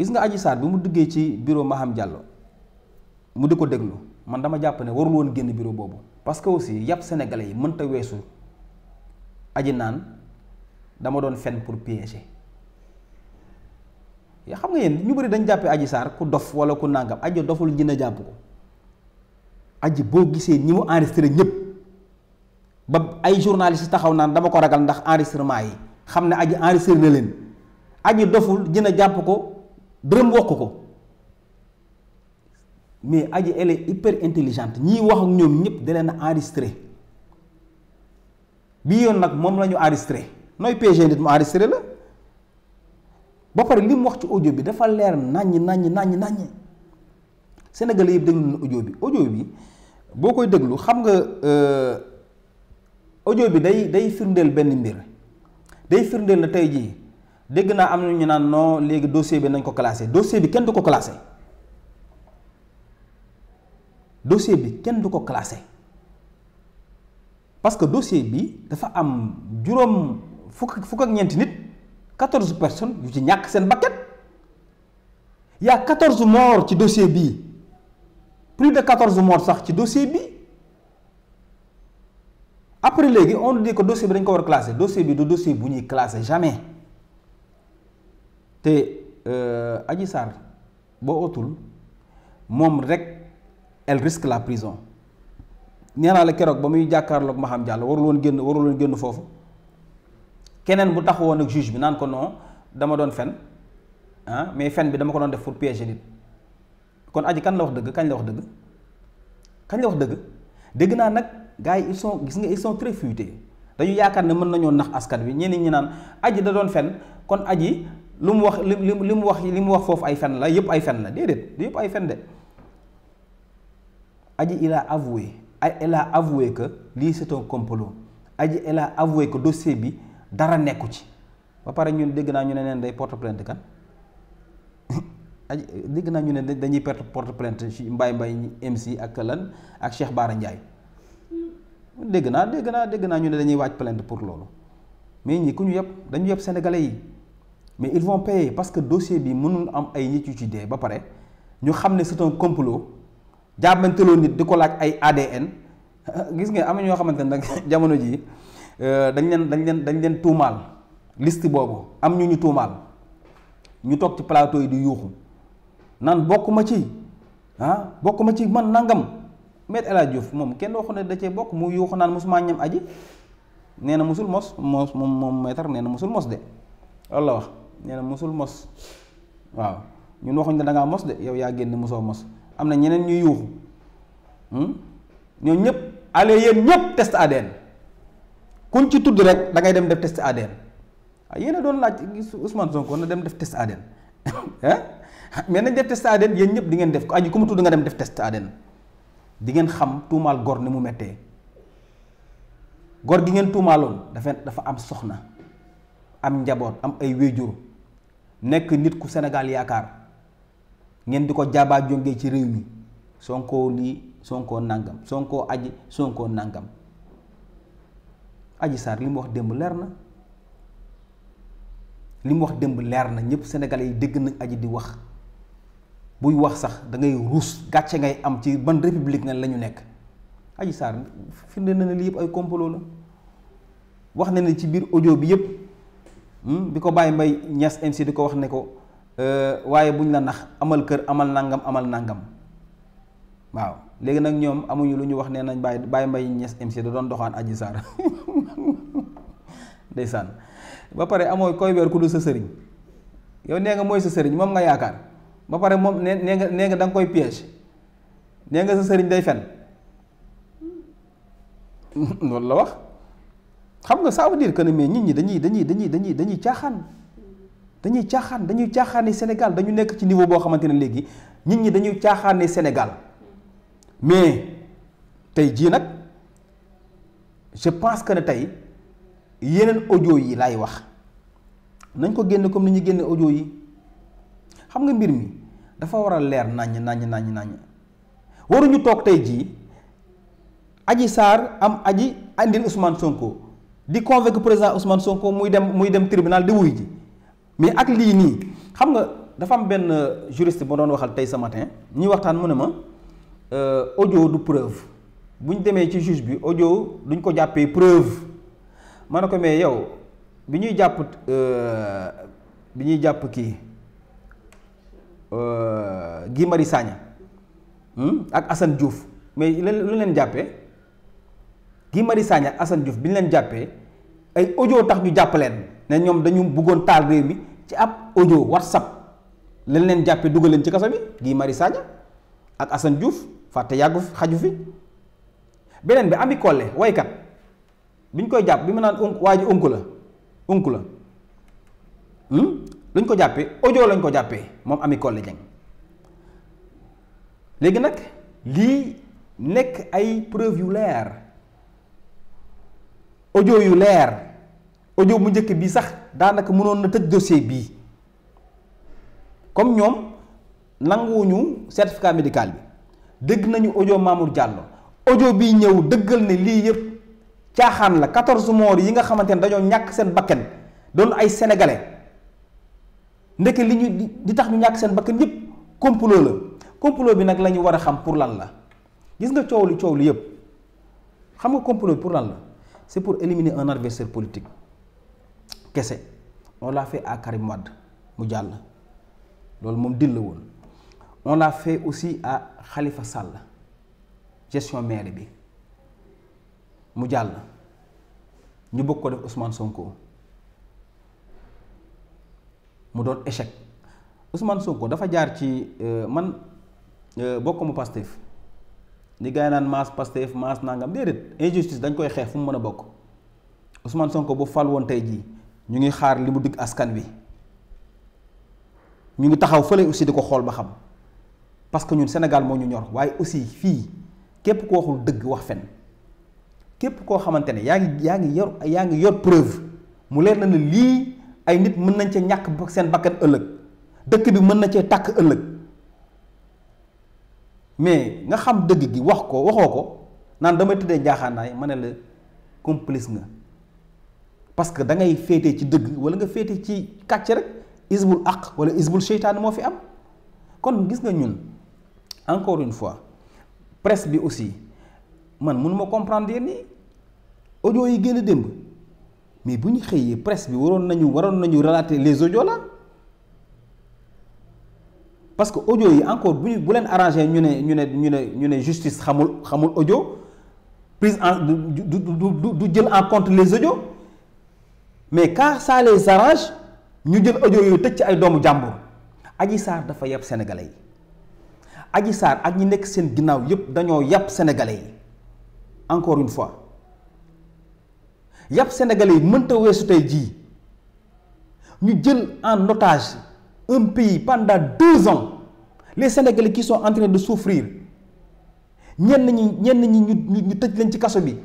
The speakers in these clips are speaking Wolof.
gis nga Adji Sarr bi mu duggee ci bureau Maham Diallo mu di ko déglu man dama jàpp ne warul woon génn bureau boobu parce que aussi yàpp sénégalais yi mënta weesu aji naan dama doon fen pour piéger yaa xam nga yéen ñu bëri dañ jàppee Adji saar ku dof wala ku nàngam aji doful jën a jàpp ko aji boo gisee ñi mu enregistré ñëpp ba ay journaliste taxaw naan dama ko ragal ndax enregistrement yi xam ne aji enregistré na leen aji doful jën jàpp ko dërëm wokk ko mais aji elle est hyper ñi wax ak ñoom ñëpp da na a enregistré bii yoon nag moom lañu ñu enregistré nooy PG nit mu enregistré la ba pare li mu wax ci audio bi dafa leer naññ naññ naññ naññ Sénégalais yëpp déglu na audio bi audio bi boo koy déglu xam nga ojo euh, bi day day firndeel benn mbir day firndeel na tey jii dégg naa am na ñu naan non léegi dossier bi nañ ko classé dossier bi kenn du ko classé dossier bi kenn du ko classé parce que dossier bi dafa am juróom fukk fukk ak ñeenti nit quatorze personnes yu ci ñàkk seen bakkan y a quatorze morts ci dossier bi plus de quatorze morts sax ci dossier bi après léegi on dit que dossier bi dañ ko war a classé dossier bi du dossier bu ñuy classé jamais. te euh, Adji Sarr boo otul moom rek elle risque la prison nee naa keroog ba muy jàkkaarloog Maham Diallo warul woon génn warul woon génn foofu keneen bu taxawoon ak juge bi naan ko non dama doon fen ah mais fen bi dama ko doon def pour piéger nit kon aji kan la wax dëgg kañ la wax dëgg kañ la wax dëgg dégg naa nag gars yi ils sont gis nga ils sont très futés dañu yaakaar ne mën nañoo nax askan wi ñeneen ñi naan aji da doon fen kon aji lu mu wax li mu li mu wax li mu wax foofu ay fen la yëpp ay fen la déedéet yépp ay fen de aji il a avoué elle a avoué que lii c'est un complot aji elle a avoué dossier bi dara nekku ci ba pare ñun dégg naa ñu ne neen day porte plainte kan aji dégg naa ñu ne dañuy perte porte plainte ci Mbaye Mbaye MC ak lan ak Cheikh Bara Ndiaye dégg naa dégg naa dégg naa ñu ne dañuy waaj plainte pour loolu mais ñi ku ñu yëpp dañu yëpp sénégalais yi mais ils vont payer parce que dossier bi mënul am ay nit yu ci dee ba pare ñu xam ne c'est un complot jàmmanteloo nit di ko laaj ay ADN gis nga am na ñoo xamante ne nag jamono jii euh, dañ leen dañ leen dañ leen tuumaal liste boobu am ñu ñu tuumaal ñu toog ci plateau yi di yuuxu naan ma ci ah, bokk ma ci man nangam Me El Hadji Diouf moom kenn waxu ne da cee bokk mu yuuxu naan mosumaa ñam aji nee na mosul mos mos moom moom maître nee na mosul mos de loolu la wax. nee mosul mos waaw ñun waxuñ ne da ngaa mos de yow yaa génn mosoo mos am na ñeneen ñu yuuxu hmm? ñoo ñëpp ale yéen ñëpp test ADN kuñ ci tudd rek da ngay dem def test ADN waaw ah, yéen doon laaj Ousmane Sonko na dem def test ADN mais nañ def test ADN yéen ñëpp di ngeen ko aji ku mu tudd nga dem def test ADN di ngeen xam tuumaal gor ni mu mettee gor gi ngeen tuumaaloon dafa dafa am soxna am njaboot am ay wéjur nekk nit ku senegal yaakaar ngeen di ko jaabaa jógee ci réew mi Sonko lii Sonko nangam Sonko aj Sonko nangam aji Sarr li mu wax démb leer na li mu wax démb leer na ñëpp senegal yi dégg nañ aji di wax buy wax sax dangay ruus gàcce ngay am ci ban république nga la nekk aji Sarr firnde na ne lii yëpp ay complot la wax na ci biir ojo bi yëpp. bi hmm? ko bàyyi mbay ñas MC di ko wax ne ko euh, waaye buñ la nax amal kër amal nangam amal nangam waaw léegi nag ñoom amuñu lu ñu wax nee nañ bàyyi bàyyi mbay ñas MC da doon doxaan aji saar ndeysaan ba pare amoo koy weer ku dul sa sëriñ yow nee nga mooy sa sëriñ moom nga yaakaar ba pare moom nee nee nga nee nga koy piège nee nga sa sëriñ day fen loolu la wax. xam nga ça veut dire que mais nit ñi dañuy dañuy dañuy dañuy dañuy caaxaan dañuy caaxaan dañuy caaxaane Sénégal dañu nekk ci niveau boo xamante ne léegi nit ñi dañuy caaxaane Sénégal mais tey jii nag je pense que ne tey yeneen audio yi laay wax nañ ko génn comme ni ñu génne audio yi xam nga mbir mi dafa war a leer naññ naññ naññ naññ waruñu toog tey jii aji Sarr am aji andil Ousmane Sonko. di convaincre président ausman Sonko muy dem muy dem tribunal di wuy ji mais ak lii nii xam nga dafa am benn euh, juriste bu doon waxal tey ce matin ñuy waxtaan mu ne ma euh, audio du preuve bu ñu demee ci juge bi audio duñ ko jàppee preuve ma ne ko mais yow bi ñuy jàpp euh, bi ñuy jàpp kii Guy Marius Sagna hmm, ak Assane Diouf mais lu leen jàppee. Guy Marius Sagna Assane Diouf bi ñu leen jàppee ay audio tax ñu jàpp ne ñoom dañu bëggoon taal réew mi ci ab audio whatsapp lañ leen jàppee dugal leen ci kaso bi Guy Marius Sagna ak Assane Diouf fàtte yàggu xaju fi beneen bi Ami Collé waykat bi ñu koy jàpp bi ma naan un waa ji unku la unku la hmm? luñ ko jàppee audio lañ ko jàppee moom Ami Collé Dieng léegi nag lii nekk ay preuve yu leer. ojo yu leer audio bu njëkk bi sax daanaka mënoon na tëj dossier bi comme ñoom nanguwuñu certificat médical bi dëgg nañu ojo Mamour Diallo audio bi ñëw dëggal ne lii yëpp caaxaan la 14 morts yi nga xamante ne dañoo ñàkk seen bakken doon ay sénégalais ndek li ñu di tax ñu ñàkk seen bakken yëpp complot la complot bi nag lañu war a xam pour lan la gis nga coow li coow li yëpp xam nga complot bi pour lan la. c'est pour éliminer un adversaire politique kese on l'a fait à Karim Wade mu jàll loolu moom dil la woon on l'a fait aussi à xalifa Sall gestion maire bi mu jàll ñu bëgg ko def Ousmane Sonko mu doon échec Ousmane Sonko dafa jaar ci euh, man euh, bokkuma Pastef li gars yi naan maas Pastef maas nangam déedéet injustice dañ koy xeex fu mu mën a bokk Ousmane Sonko bu fal woon tey jii ñu ngi xaar li mu digg askan wi ñu ngi taxaw fële aussi di ko xool ba xam parce que ñun senegal moo ñu ñor waaye aussi fii képp ko waxul dëgg wax fen képp koo xamante ne yaa ngi yaa ngi yor yor preuve mu leer na lii ay nit mën nañ cee ñàkk seen bakkan ëllëg dëkk bi mën na cee tàkk ëllëg. mais nga xam dëgg gi wax ko waxoo ko naan damay tëddee njaaxaanaay ma ne la complice nga parce que da ngay féetee ci dëgg wala nga féete ci kàcc rek isbul aq wala isbul seytaan moo fi am kon gis nga ñun encore une fois presse bi aussi man mënuma comprendre yéen ni audio yi génn démb mais bu ñu xëyee presse bi waroon nañu waroon nañu relater les audios là parce que ojo yi encore bu bu leen arrangé ñu ne ñu ne ñu ne ñu ne justice xamul xamul audio prise en du du du du jël en compte les audios mais car ça les ñu jël audio yooyu tëj ci ay doomu jàmbur Adji Sarr dafa yàpp sénégalais yi Adji Sarr ak ñi nekk seen ginnaaw yépp dañoo yàpp sénégalais yi encore une fois yàpp sénégalais yi mënta weesu tey jii ñu jël en otage. un pays pendant deux ans les Sénégalais kii soo en de souffrir ñenn ñi ñenn ñi ñu ñu ñu tëj leen ci kaso bi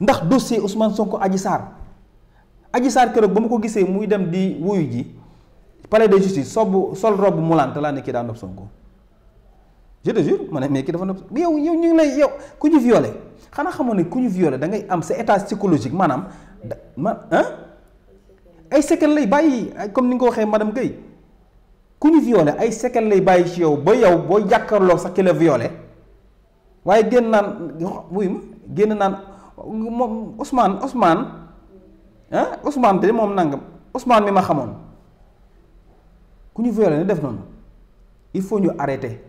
ndax dossier Ousmane Sonko Adji Sarr Adji Sarr keroog ba ma ko gisee muy dem di wuyu ji palais de justice sobu sol robe mulante laa ne kii daa nopp Sonko je te jure ma ne dafa nopp yow yow ñu ngi lay yow ku ñu violé xanaa xamoon ne ku ñu violé da ngay am sa état psychologique maanaam da ma ah. ay séquelles lay bàyyi comme ni nga ko waxee madame Guèye ku ñu violé ay séquelles lay bàyyi ci yow ba yow boo jàkkaarloo sax ki la violé waaye génn naan wuy ma génn naan moom Ousmane Ousmane ah te moom nangam Ousmane mi ma xamoon ku ñu violé ne def noonu il faut ñu arrêter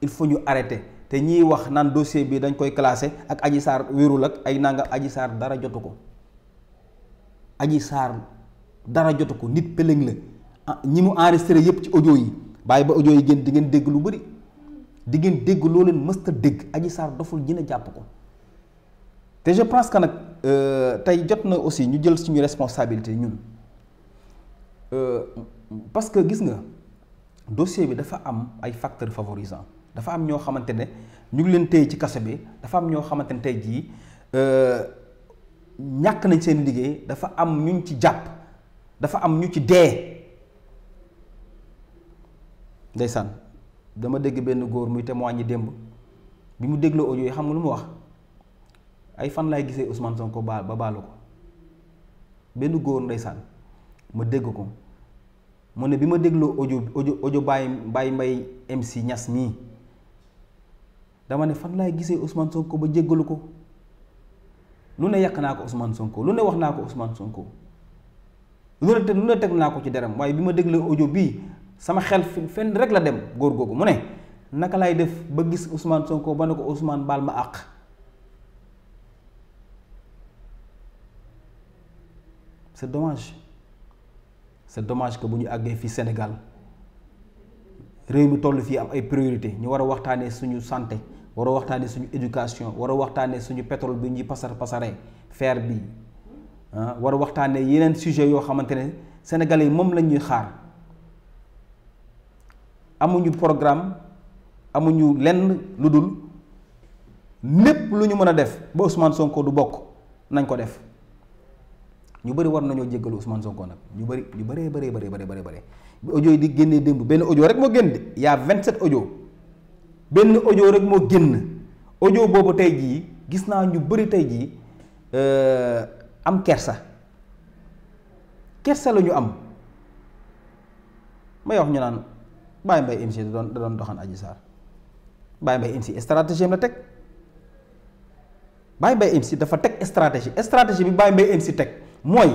il faut ñu arrêter te ñiy wax naan dossier bi dañ koy classé ak Adji Sarr wérul ak ay nangam Adji Sarr dara jotu ko Adji dara jotu ko nit pëlëng la ah ñi mu enregistré yëpp ci audio yi bàyyi ba audio yi génn di ngeen dégg lu bëri di ngeen dégg loo leen mësta dégg Adji Sarr doful jën jàpp ko te je presque que nag euh, tey jot na aussi ñu jël suñu responsabilité ñun euh, parce que gis nga dossier bi dafa am ay facteurs favorisant dafa am ñoo xamante ne ñu ngi leen tey ci kaso bi dafa am ñoo xamante ne tey jii euh, ñàkk nañ seen liggéey dafa am ñu ñu ci jàpp. dafa am ñu ci dee ndeysaan dama dégg benn góor muy témoigné démb bi mu dégloo ojo yi xam nga lu mu wax ay fan laay gisee Ousmane Sonko ba ba baalu ko benn góor ndeysaan ma dégg ko mu ne bi ma dégloo ojo ojo audio Baye Baye Mbaye MC Niass mii dama ne fan laay gisee Ousmane Sonko ba jéggalu ko lu ne yàq naa ko Ousmane Sonko lu ne wax naa ko Ousmane Sonko. lu ne lu ne teg naa ko ci deram waaye bi ma déglee audio bii sama xel fi fenn rek la dem góor googu mu ne naka laay def ba gis Ousmane Sonko ba ne ko Ousmane baal ma àq c'est dommage c'est dommage ko bu ñu àggee fii Sénégal réew mi toll fii am ay priorité ñu war a waxtaanee suñu sante war a waxtaanee suñu éducation war a waxtaanee suñu pétrole bi ñuy pasar pasaree fer bi Ah, war a waxtaanee yeneen sujet yoo xamante ne sénégalais yi moom lañuy xaar amuñu programme amuñu lenn lu dul lépp lu ñu mën a def ba Ousmane Sonko du bokk nañ ko def ñu bari war nañoo jéggalu Ousmane Sonko nag ñu bari ñu bëree bëree bari bari bëree bari audio yi di génnee démb benn audio rek moo génn y vingt 27 audio benn audio rek moo génn audio boobu tey jii gis naa ñu bari tey jii. Euh, am kersa kersa la ñu am may wax ñu naan Baye mbay MC da doon da doon doxaan Adji Sarr Baye Mbaye MC stratégie la teg Baye Mbaye MC dafa teg stratégie stratégie bi Baye Mbaye MC teg mooy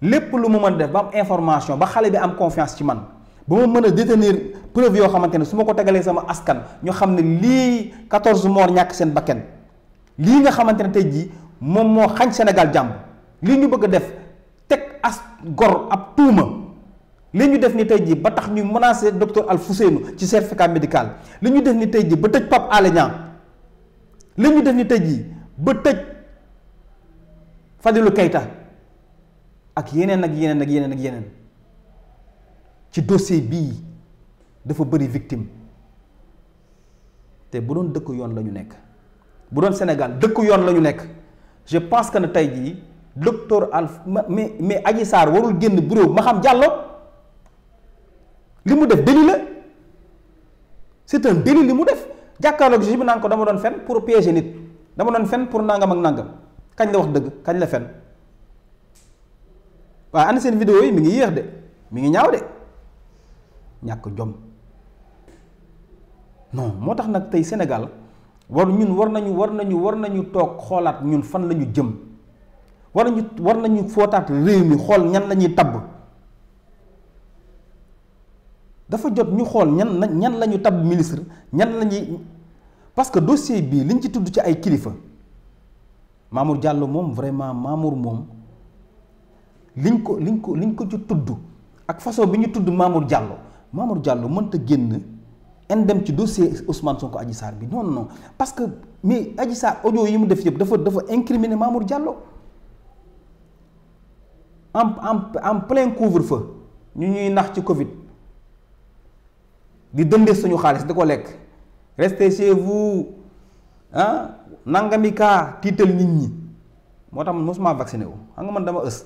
lépp lu mu mën def ba am information ba xale bi am confiance ci man ba ma mën a détenir preuve xamante ne su ma ko tegalee sama askan ñu xam ne lii 14 morts ñàkk seen bakken lii nga xamante ne tey jii moom moo xañ senegal jàmm li ñu bëgg a def teg as gor ab tuuma li ñu def ni tey jii ba tax ñu menacé docteur Alfousseynou ci certificat médical li ñu def ni tey jii ba tëj Pape Alé Niang li ni tey jii ba tëj Fadilou kayta ak yeneen ak yeneen ak yeneen ak yeneen ci dossier bii dafa bëri victime te bu doon dëkk yoon la ñu nekk bu doon Sénégal dëkk yoon la ñu nekk je pense que ne tey jii docteur Alpha mais mais Adji saar warul génn bureau ma xam Diallo li mu def délit la c'est un délit li mu def jàkkaarloog juge bi naan ko dama doon fen pour piéger nit dama doon fen pour nàngam ak nangam kañ la wax dëgg kañ la fen waaye ana seen vidéo yi mi ngi yéex de mi ngi ñaaw de ñàkk jom non moo tax nag tey Sénégal. war ñun war nañu war nañu war nañu toog xoolaat ñun fan lañu jëm war nañu war nañu footaat réew mi xool ñan la ñuy tabb dafa jot ñu xool ñan la ñan la tabb ministre ñan la ñuy parce que dossier bii liñ ci tudd ci ay kilifa Mamour Diallo moom vraiment Mamour moom liñ ko liñ ko liñ ko ci tudd ak façon bi ñu tudd Mamour Diallo Mamour Diallo mënta génn. en dem ci dossier Ousmane Sonko Adji Sarr bi non non parce que mais Adji Sarr audio yi mu def yëpp dafa dafa incriminer Mamour Diallo en en en plein couvre-feu ñu ñuy nax ci Covid di dëndee suñu xaalis di ko lekk restez chez vous ah nangami tiital nit ñi moo tax mosuma vacciné wu xam nga man dama ës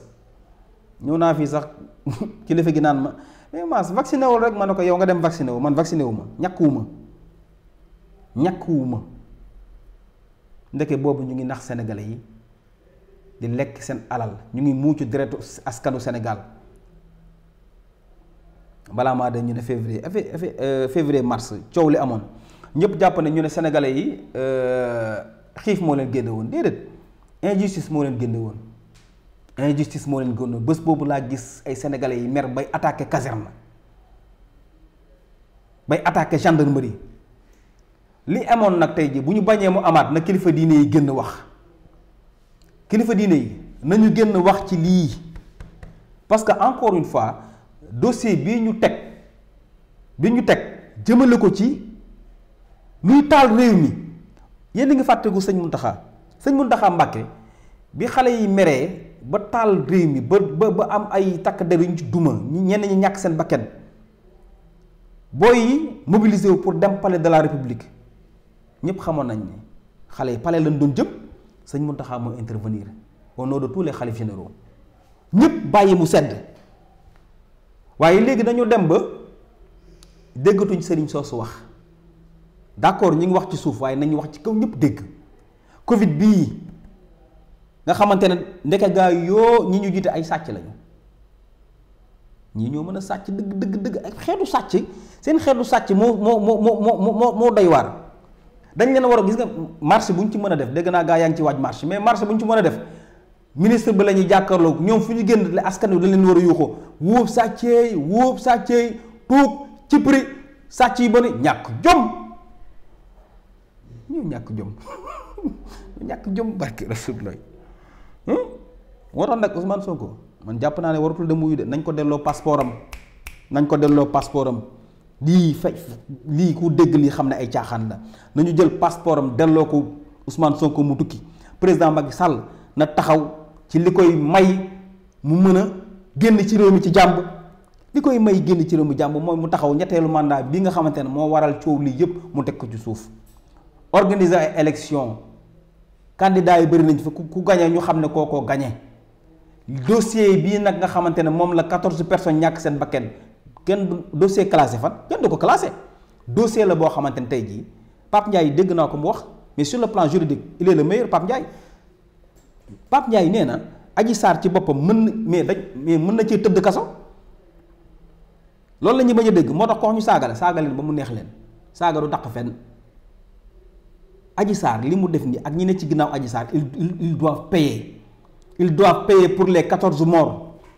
ñëw naa fii sax kilifa gi naan ma. mais eh, maas vacciné wul rek ma ne ko yow nga dem vacciné wu man vacciné wu ma ñàkkuwuma ndeke boobu ñu ngi nax sénégalais yi di lekk seen alal ñu ngi muucu deretu askanu Sénégal balaa maa de ñu ne février eh, euh, février mars coow li amoon ñëpp jàpp ne ñu ne sénégalais yi euh, xiif moo leen génn woon déedéet injustice moo leen génne woon. injustice moo leen gën bés boobu laa gis ay sénégalais yi mer bay attaqué caserne bay attaqué gendarmerie li amoon nag tey ji bu ñu bañee mu amaat na kilifa diine yi génn wax kilifa diine yi nañu génn wax ci lii parce que encore une fois dossier bi ñu teg bi ñu teg jëmale ko ci luy taal réew mi yéen a ngi fàttaliku sëñ Muntaxa sëñ Muntaxa Mbàkke bi xale yi meree. ba taal réew mi ba ba ba am ay takk der yuñ ci duma ñenn ñu ñàkk seen bakket booy yi wu pour dem pale de la république ñëpp xamoon nañ ni xale yi pale lañ doon jëpp sëñ mun mooy intervenir au nom de tous les xalif ñëpp bàyyi mu sedd waaye léegi dañu dem ba déggatuñ soo su wax d'accord ñu ngi wax ci suuf waaye nañu wax ci kaw ñëpp dégg Covid bii. nga xamante ne ndeke gaa yoo ñi ñu jiite ay sàcc lañu ñi ñoo mën a sàcc dëgg dëgg dëgg ak xeetu sàcc seen xeetu sàcc moo moo moo moo moo moo doy waar dañ leen war a gis nga marché bu ñu ci mën a def dégg naa gaa yaa ngi ci waaj marché mais marché bu ñu ci mën a def ministre bi la ñuy jàkkaarloo ñoom fu ñu génn askan wi dañ leen war a yuuxoo wóob sàcceey wóob sàcceey tuug ci prix sàcc yi ba ne ñàkk jom ñu ñàkk jom ñàkk jom barke rasulullah Hmm? waroon nag Ousmane Sonko man jàpp naa ne waratul dem wuyu de nañ ko delloo passeport am nañ ko delloo passeport am lii fay lii ku dégg li xam ne ay caaxaan la nañu jël passeport am delloo ko Ousmane Sonko mu tukki président mag Sall na taxaw ci li koy may mu mën a génn ci réew mi ci jàmb li koy may génn ci réew mi jàmb mooy mu taxaw ñetteelu mandat bi nga xamante ne moo waral coow lii yëpp mu teg ko ci suuf organiser ay élection candidat yi bëri nañ fa ku gañe ñu xam ne koo koo gañe dossier bii nag nga xamante ne moom la quatorze personnes ñàkk seen bakken kenn dossier classé fan kenn ko classé dossier la boo xamante ne tey jii Pape yi dégg naa ko mu wax mais sur le plan juridique il est le meilleur Pape Ndiaye Pape yi nee na Adji Sarr ci boppam mën na mais dañ mais mën na cee tëdd kaso loolu la ñuy bañ a dégg moo tax ko wax ñu saaga la saaga leen ba mu neex leen saaga du dàq Adji Sarr li mu def nii ak ñi ne ci ginnaaw Adji Sarr ils ils doivent payer ils doivent pour les quatorze morts